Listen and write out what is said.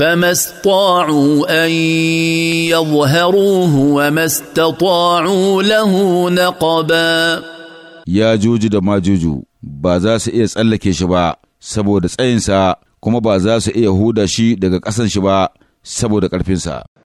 فما استطاعوا ان يظهروه وما استطاعوا له نقبا يا جوج دما جوج بازا سي تسلكي شي سبو دا تساينسا كما بازا سي يهودا شي دغا قسن شي سبو دا كارفينسا